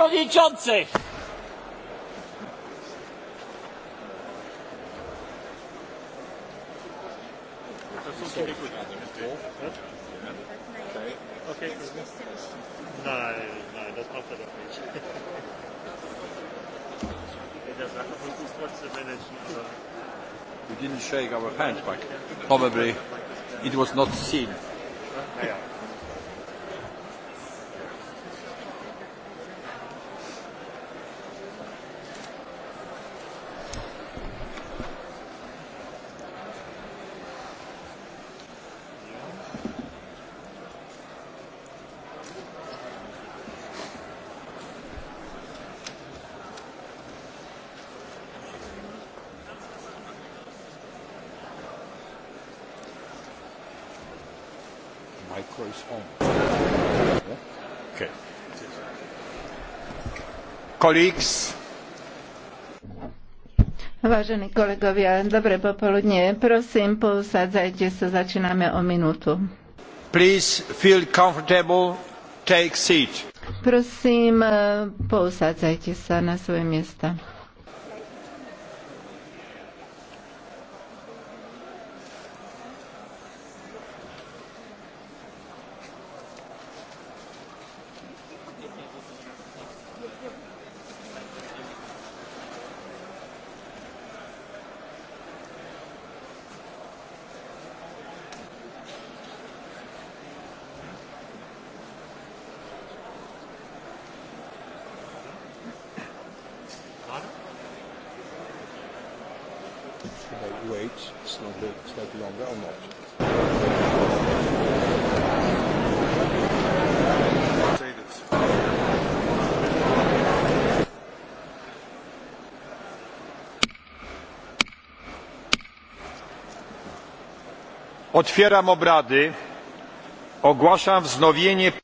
przewodniczący! We didn't shake our hands, but probably it was not seen. Ah, Vážení kolegovia, dobré popoludne. Prosím, posadzajte sa, začíname o minútu. Please feel comfortable, take seat. Prosím, eh, posadzajte sa na svoje miesta. should I wait slightly, slightly longer or not? Otwieram obrady. Ogłaszam wznowienie